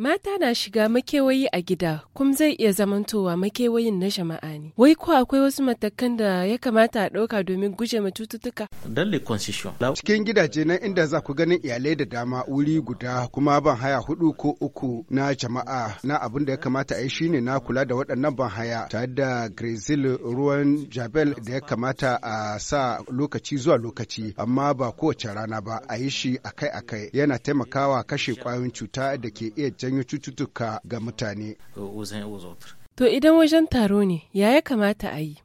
Mata na shiga makewayi a gida kuma zai iya zamantowa makewayin na jama'a ne. Wai ko akwai wasu matakan da ya kamata a ɗauka domin guje ma cututtuka? Dalle concession. Cikin gidaje na inda za ku ganin iyalai da dama wuri guda kuma ban haya hudu ko uku na jama'a na abin da ya kamata a yi shine na kula da waɗannan ban haya tare da Grezil ruwan Jabel da ya kamata a sa lokaci zuwa lokaci amma ba kowace rana ba a yi shi akai-akai yana taimakawa kashe ƙwayoyin cuta da ke iya janyo cututtuka ga mutane. To idan wajen taro ne, ya ya kamata a yi?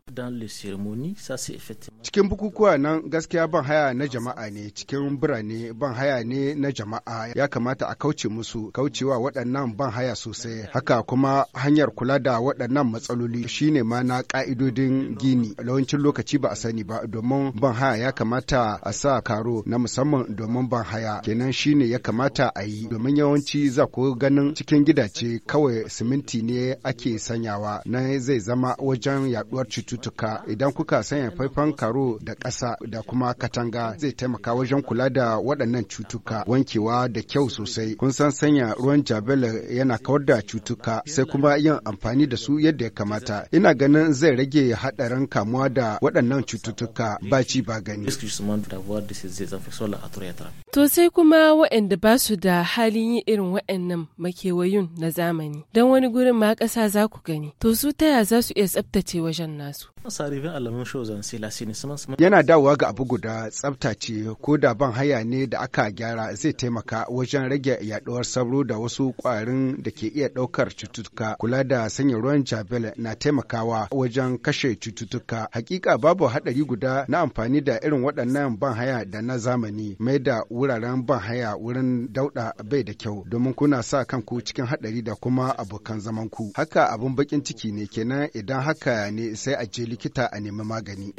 Cikin bukukuwa nan gaskiya ban haya na jama'a ne, cikin birane ban haya ne na jama'a ya kamata a kauce musu, kaucewa waɗannan ban haya sosai. Haka kuma hanyar kula da waɗannan matsaloli shine ma na ƙa'idodin gini. Lawancin lokaci ba a sani ba domin ban haya ya kamata a sa karo na musamman domin ban haya. Kenan shine ya kamata a yi domin yawanci za ku ganin cikin gidaje kawai siminti ne ake sanya sanyawa na zai zama wajen yaduwar cututtuka idan kuka sanya faifan karo da ƙasa da kuma katanga zai taimaka wajen kula da waɗannan cutuka wankewa da kyau sosai kun san sanya ruwan jabela yana kawar da cutuka sai kuma yin amfani da su yadda ya kamata ina ganin zai rage haɗarin kamuwa da waɗannan cututtuka ba ci ba gani To sai kuma waɗanda ba su da halin yi irin waɗannan makewayun na zamani, don wani gurin ma ƙasa za ku gani, to su taya za su iya tsabtace wajen nasu. Yana dawowa ga abu guda tsabtace ko da ban haya ne da aka gyara zai taimaka wajen rage yaɗuwar sauro da wasu ƙwarin da ke iya ɗaukar cututtuka. Kula da sanya ruwan jabel na taimakawa wajen kashe cututtuka. Hakika babu haɗari guda na amfani da irin waɗannan ban haya da na zamani mai da wuraren ban haya wurin dauda bai da kyau domin kuna sa kanku cikin haɗari da kuma abokan zaman ku. Haka abun bakin ciki ne kenan idan haka ne sai a je likita a nemi magani.